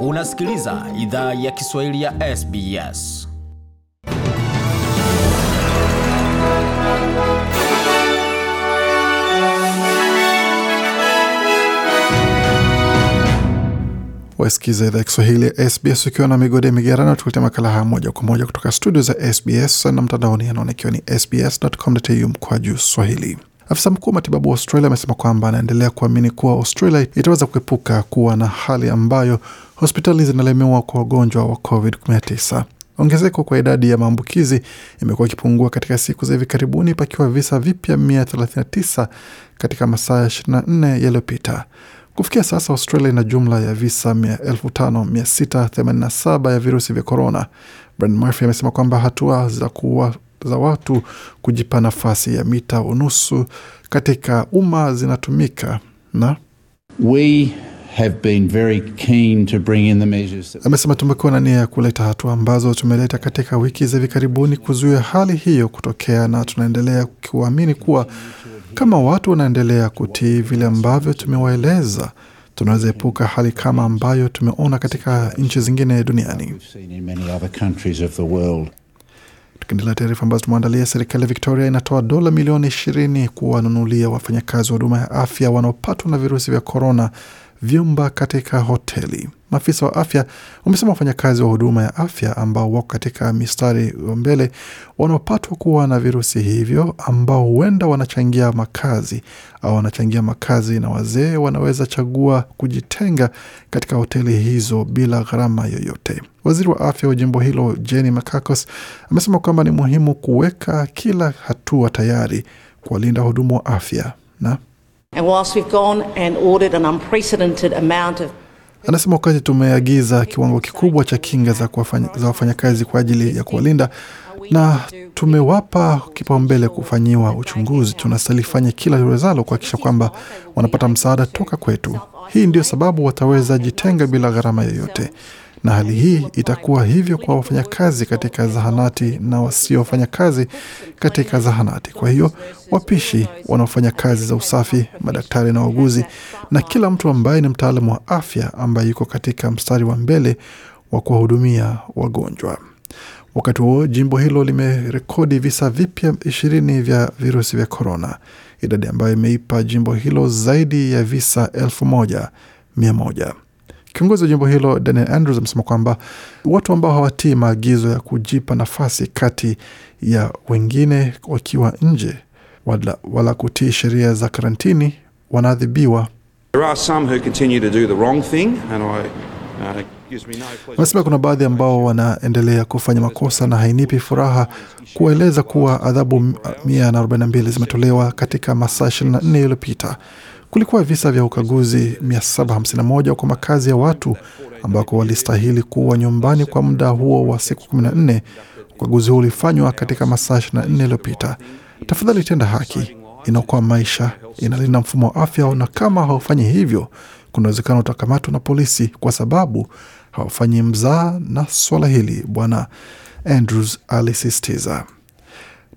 Unasikiliza idhaa ya Kiswahili ya SBS. Wasikiza idhaa ya Kiswahili ya SBS ukiwa na migode migerano, tukulete makala haya moja kwa moja kutoka studio za SBS na mtandaoni, anaonekiwa ni sbs.com.au juu swahili. Afisa mkuu wa matibabu wa Australia amesema kwamba anaendelea kuamini kuwa Australia itaweza kuepuka kuwa na hali ambayo hospitali zinalemewa kwa wagonjwa wa COVID-19. Ongezeko kwa idadi ya maambukizi imekuwa ikipungua katika siku za hivi karibuni, pakiwa visa vipya 139 katika masaa 24 yaliyopita. Kufikia sasa Australia ina jumla ya visa 5687 ya virusi vya korona. Brand Murphy amesema kwamba hatua za kuwa za watu kujipa nafasi ya mita unusu katika umma zinatumika na We amesema tumekuwa na nia ya kuleta hatua ambazo tumeleta katika wiki za hivi karibuni kuzuia hali hiyo kutokea, na tunaendelea kuamini kuwa kama watu wanaendelea kutii vile ambavyo tumewaeleza, tunaweza epuka hali kama ambayo tumeona katika nchi zingine duniani. Tukiendelea taarifa ambazo tumeandalia, serikali ya Victoria inatoa dola milioni ishirini kuwanunulia wafanyakazi wa huduma ya afya wanaopatwa na virusi vya korona vyumba katika hoteli. Maafisa wa afya wamesema wafanyakazi wa huduma ya afya ambao wako katika mistari wa mbele wanaopatwa kuwa na virusi hivyo, ambao huenda wanachangia makazi au wanachangia makazi na wazee, wanaweza chagua kujitenga katika hoteli hizo bila gharama yoyote. Waziri wa afya wa jimbo hilo Jenny Macacos amesema kwamba ni muhimu kuweka kila hatua tayari kuwalinda wahudumu wa afya na Anasema wakati tumeagiza kiwango kikubwa cha kinga za wafanyakazi kwa ajili ya kuwalinda na tumewapa kipaumbele kufanyiwa uchunguzi, fanya kila liwezalo kuhakikisha kwamba wanapata msaada toka kwetu. Hii ndio sababu wataweza jitenga bila gharama yoyote na hali hii itakuwa hivyo kwa wafanyakazi katika zahanati na wasiofanya kazi katika zahanati. Kwa hiyo wapishi, wanaofanya kazi za usafi, madaktari na wauguzi, na kila mtu ambaye ni mtaalamu wa afya ambaye yuko katika mstari wa mbele wa kuwahudumia wagonjwa. Wakati huo jimbo hilo limerekodi visa vipya ishirini vya virusi vya korona, idadi ambayo imeipa jimbo hilo zaidi ya visa elfu moja mia moja. Kiongozi wa jimbo hilo Daniel Andrews amesema kwamba watu ambao hawatii maagizo ya kujipa nafasi kati ya wengine wakiwa nje wala, wala kutii sheria za karantini wanaadhibiwa. Uh, Wanasema kuna baadhi ambao wanaendelea kufanya makosa na hainipi furaha kueleza kuwa adhabu 142 zimetolewa katika masaa 24 yaliyopita. Kulikuwa visa vya ukaguzi 751 kwa makazi ya watu ambako walistahili kuwa nyumbani kwa muda huo wa siku 14. Ukaguzi huo ulifanywa katika masaa 24 yaliyopita. Tafadhali tenda haki, inaokoa maisha, inalinda mfumo wa afya, na kama haufanyi hivyo, kuna uwezekano utakamatwa na polisi kwa sababu hawafanyi mzaa na swala hili, Bwana Andrews alisisitiza.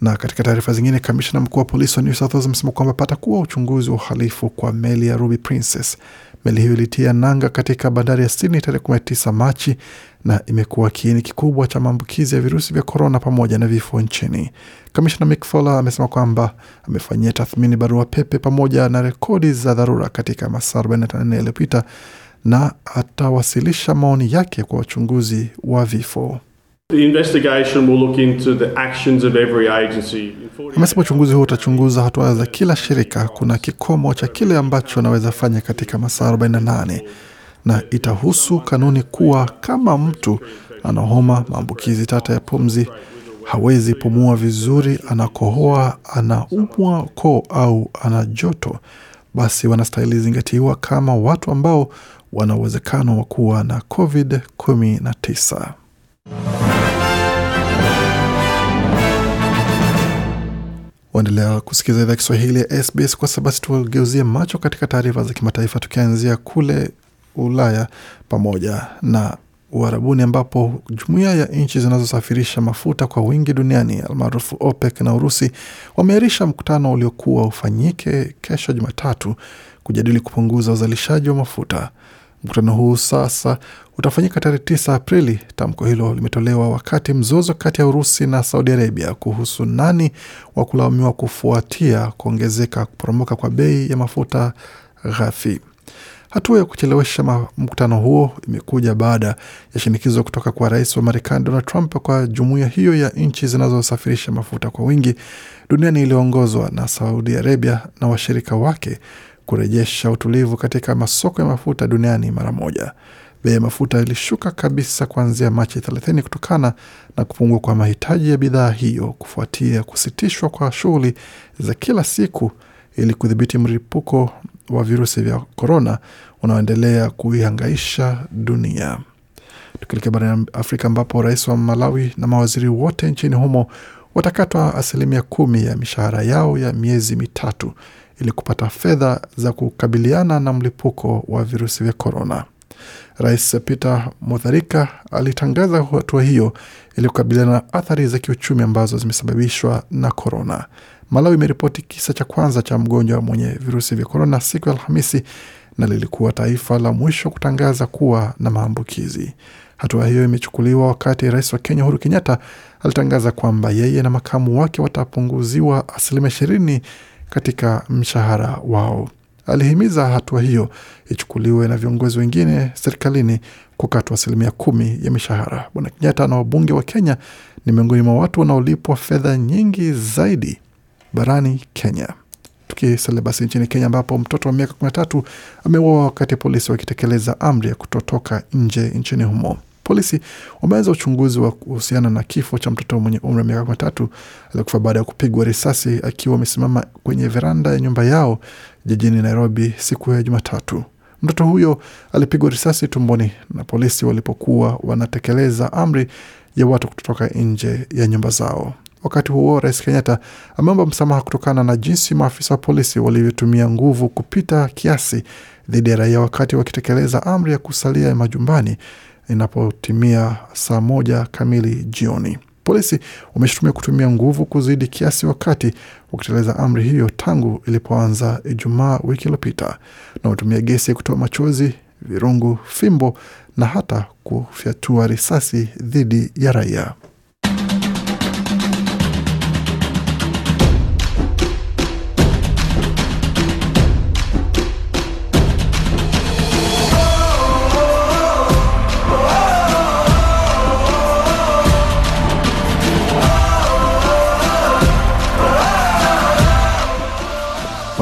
Na katika taarifa zingine, kamishna mkuu wa polisi wa New South Wales amesema kwamba patakuwa uchunguzi wa uhalifu kwa meli ya Ruby Princess. Meli hiyo ilitia nanga katika bandari ya Sydney tarehe 19 Machi na imekuwa kiini kikubwa cha maambukizi ya virusi vya korona pamoja na vifo nchini. Kamishna Mick Fowler amesema kwamba amefanyia tathmini barua pepe pamoja na rekodi za dharura katika masaa 48 yaliyopita na atawasilisha maoni yake kwa uchunguzi wa vifo. Amesema uchunguzi huo utachunguza hatua za kila shirika. Kuna kikomo cha kile ambacho anaweza fanya katika masaa 48 na itahusu kanuni kuwa kama mtu ana homa, maambukizi tata ya pumzi, hawezi pumua vizuri, anakohoa, anaumwa koo au ana joto, basi wanastahili zingatiwa kama watu ambao wana uwezekano wa kuwa na COVID-19. Waendelea kusikiliza idhaa Kiswahili ya SBS. Kwa basi tugeuzie macho katika taarifa za kimataifa, tukianzia kule Ulaya pamoja na Uarabuni ambapo jumuiya ya nchi zinazosafirisha mafuta kwa wingi duniani almaarufu OPEC na Urusi wameahirisha mkutano uliokuwa ufanyike kesho Jumatatu kujadili kupunguza uzalishaji wa mafuta. Mkutano huu sasa utafanyika tarehe 9 Aprili. Tamko hilo limetolewa wakati mzozo kati ya Urusi na Saudi Arabia kuhusu nani wa kulaumiwa kufuatia kuongezeka kuporomoka kwa bei ya mafuta ghafi. Hatua ya kuchelewesha mkutano huo imekuja baada ya shinikizo kutoka kwa rais wa Marekani Donald Trump kwa jumuiya hiyo ya nchi zinazosafirisha mafuta kwa wingi duniani iliyoongozwa na Saudi Arabia na washirika wake kurejesha utulivu katika masoko ya mafuta duniani mara moja. Bei ya mafuta ilishuka kabisa kuanzia Machi 30 kutokana na kupungua kwa mahitaji ya bidhaa hiyo kufuatia kusitishwa kwa shughuli za kila siku ili kudhibiti mlipuko wa virusi vya korona unaoendelea kuihangaisha dunia. Tukielekea barani Afrika ambapo rais wa Malawi na mawaziri wote nchini humo watakatwa asilimia kumi ya mishahara yao ya miezi mitatu ili kupata fedha za kukabiliana na mlipuko wa virusi vya korona. Rais Peter Mutharika alitangaza hatua hiyo ili kukabiliana na athari za kiuchumi ambazo zimesababishwa na korona. Malawi imeripoti kisa cha kwanza cha mgonjwa mwenye virusi vya korona siku ya Alhamisi na lilikuwa taifa la mwisho kutangaza kuwa na maambukizi. Hatua hiyo imechukuliwa wakati rais wa Kenya Uhuru Kenyatta alitangaza kwamba yeye na makamu wake watapunguziwa asilimia ishirini katika mshahara wao. Alihimiza hatua hiyo ichukuliwe na viongozi wengine serikalini kukatwa asilimia kumi ya mishahara. Bwana Kenyatta na wabunge wa Kenya ni miongoni mwa watu wanaolipwa fedha nyingi zaidi barani Kenya. Tukisalia basi nchini Kenya, ambapo mtoto wa miaka 13 ameuawa wakati polisi wakitekeleza amri ya kutotoka nje nchini humo. Polisi wameanza uchunguzi wa kuhusiana na kifo cha mtoto mwenye umri wa miaka kumi na tatu aliyekufa baada ya kupigwa risasi akiwa amesimama kwenye veranda ya nyumba yao jijini Nairobi siku ya Jumatatu. Mtoto huyo alipigwa risasi tumboni na polisi walipokuwa wanatekeleza amri ya watu kutotoka nje ya nyumba zao. Wakati huo Rais Kenyatta ameomba msamaha kutokana na jinsi maafisa wa polisi walivyotumia nguvu kupita kiasi dhidi ya raia wakati wakitekeleza amri ya kusalia majumbani inapotimia saa moja kamili jioni. Polisi wameshutumia kutumia nguvu kuzidi kiasi wakati wakitekeleza amri hiyo tangu ilipoanza Ijumaa wiki iliyopita, na wametumia gesi ya kutoa machozi, virungu, fimbo na hata kufyatua risasi dhidi ya raia.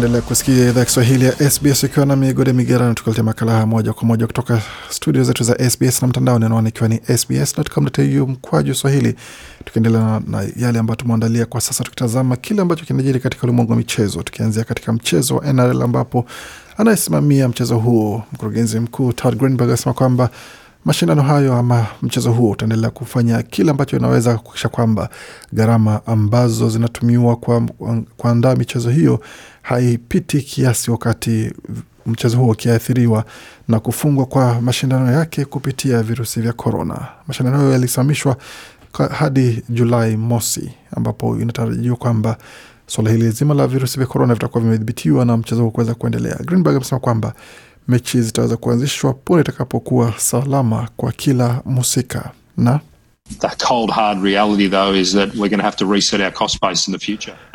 Unaendelea kusikia idhaa Kiswahili ya SBS ukiwa na migode migerano, tukuletea makala haya moja kwa moja kutoka studio zetu za SBS na mtandao anwani ikiwa ni sbs.com.au mkwaju swahili. Tukiendelea na yale ambayo tumeandalia kwa sasa, tukitazama kile ambacho kinajiri katika ulimwengu wa michezo, tukianzia katika mchezo wa NRL ambapo anayesimamia mchezo huo mkurugenzi mkuu Todd Greenberg asema kwamba mashindano hayo ama mchezo huo utaendelea kufanya kile ambacho inaweza kuhakikisha kwamba gharama ambazo zinatumiwa kuandaa michezo hiyo haipiti kiasi, wakati mchezo huo ukiathiriwa na kufungwa kwa mashindano yake kupitia virusi vya korona. Mashindano hayo yalisimamishwa hadi Julai mosi, ambapo inatarajiwa kwamba suala hili zima la virusi vya korona vitakuwa vimedhibitiwa na mchezo huo kuweza kuendelea. Greenberg amesema kwamba mechi zitaweza kuanzishwa pole itakapokuwa salama kwa kila mhusika na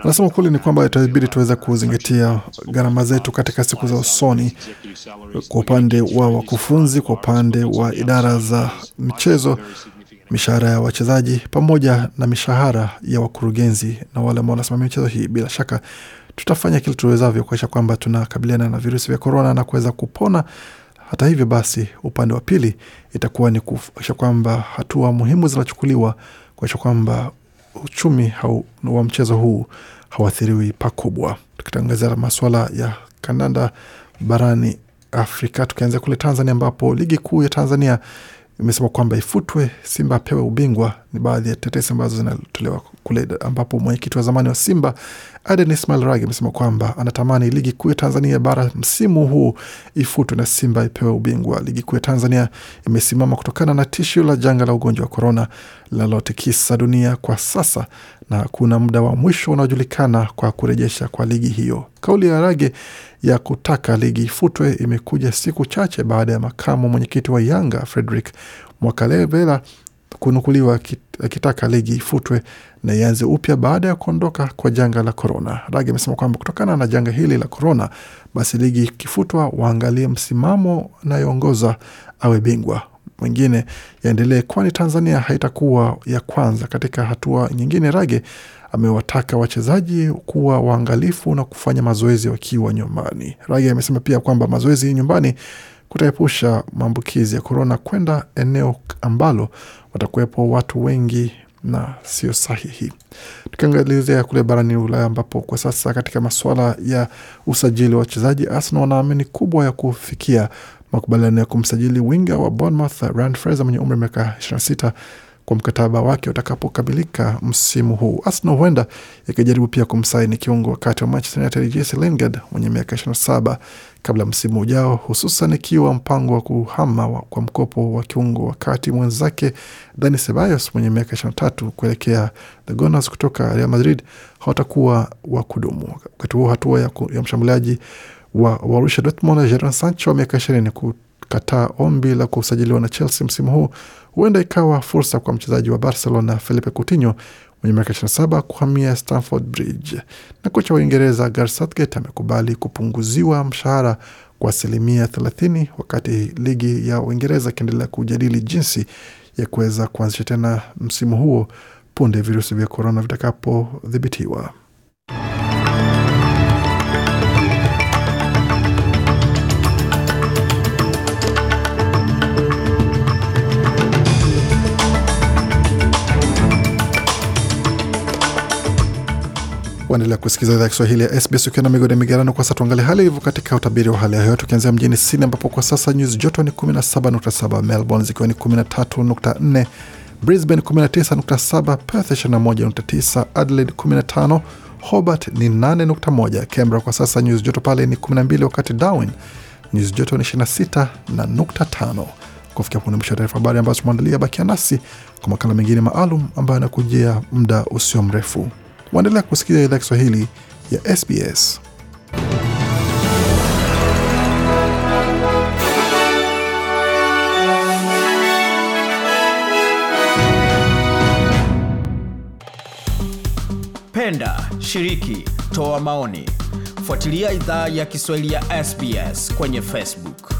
Anasema ukweli ni kwamba itabidi tuweza kuzingatia gharama zetu katika siku za usoni, kwa upande wa wakufunzi, kwa upande wa idara za michezo, mishahara ya wachezaji, pamoja na mishahara ya wakurugenzi na wale ambao wanasimamia michezo hii. Bila shaka tutafanya kile tuwezavyo kuakisha kwamba tunakabiliana na virusi vya korona na kuweza kupona. Hata hivyo basi, upande wa pili itakuwa ni kuakisha kwamba hatua muhimu zinachukuliwa kuakisha kwamba uchumi hau, wa mchezo huu hauathiriwi pakubwa. Tukitangazia masuala ya kandanda barani Afrika, tukianzia kule Tanzania ambapo ligi kuu ya Tanzania imesema kwamba ifutwe, Simba apewe ubingwa ni baadhi ya tetesi ambazo zinatolewa kule, ambapo mwenyekiti wa zamani wa Simba Aden Ismail amesema kwamba anatamani ligi kuu ya Tanzania bara msimu huu ifutwe na Simba ipewe ubingwa. Ligi kuu ya Tanzania imesimama kutokana na tishio la janga la ugonjwa wa korona linalotikisa dunia kwa sasa na kuna muda wa mwisho unaojulikana kwa kurejesha kwa ligi hiyo. Kauli ya Rage ya kutaka ligi ifutwe imekuja siku chache baada ya makamu mwenyekiti wa Yanga Frederick Mwakalevela kunukuliwa akitaka ligi ifutwe na ianze upya baada ya kuondoka kwa janga la korona. Rage amesema kwamba kutokana na janga hili la korona, basi ligi ikifutwa, waangalie msimamo anayoongoza awe bingwa mwingine yaendelee, kwani Tanzania haitakuwa ya kwanza. Katika hatua nyingine, Rage amewataka wachezaji kuwa waangalifu na kufanya mazoezi wakiwa nyumbani. Rage amesema pia kwamba mazoezi nyumbani kutaepusha maambukizi ya korona kwenda eneo ambalo watakuwepo watu wengi na sio sahihi. Tukiangalizia kule barani Ulaya, ambapo kwa sasa katika masuala ya usajili wa wachezaji, Arsenal wanaamini kubwa ya kufikia makubaliano ya kumsajili winga wa Bournemouth Ryan Fraser mwenye umri wa miaka 26 kwa mkataba wake utakapokamilika msimu huu. Arsenal huenda ikijaribu pia kumsaini kiungo wakati wa Manchester United Jesse Lingard mwenye miaka 27 kabla msimu ujao, hususan ikiwa mpango wa kuhama wa kwa mkopo wa kiungo wakati mwenzake Dani Ceballos mwenye miaka 23 kuelekea The Gunners kutoka Real Madrid hawatakuwa wa kudumu. Wakati huo hatua ya, ya mshambuliaji wa Borussia Dortmund Jadon Sancho wa miaka ishirini kukataa ombi la kusajiliwa na Chelsea msimu huu huenda ikawa fursa kwa mchezaji wa Barcelona Felipe Coutinho mwenye miaka 27 kuhamia Stamford Bridge. Na kocha wa Uingereza Gareth Southgate amekubali kupunguziwa mshahara kwa asilimia 30 wakati ligi ya Uingereza ikiendelea kujadili jinsi ya kuweza kuanzisha tena msimu huo punde virusi vya korona vitakapodhibitiwa. Waendelea kusikiza idhaa Kiswahili ya SBS ukiwa na migodi migerano. Kwa sasa tuangalie hali ilivyo katika utabiri wa hali ya hewa, tukianzia mjini Sydney ambapo kwa sasa nyuzi joto ni 17.7, Melbourne zikiwa ni 13.4, Brisbane 19.7, Perth 21.9, Adelaide 15, Hobart ni 8.1, Canberra kwa sasa nyuzi joto pale ni 12, wakati Darwin nyuzi joto ni 26 na nukta tano. Kufikia punde mwisho wa taarifa habari ambazo tumeandalia, bakia nasi kwa makala mengine maalum ambayo anakujia muda usio mrefu. Waendelea kusikia idhaa Kiswahili ya SBS. Penda, shiriki, toa maoni, fuatilia idhaa ya Kiswahili ya SBS kwenye Facebook.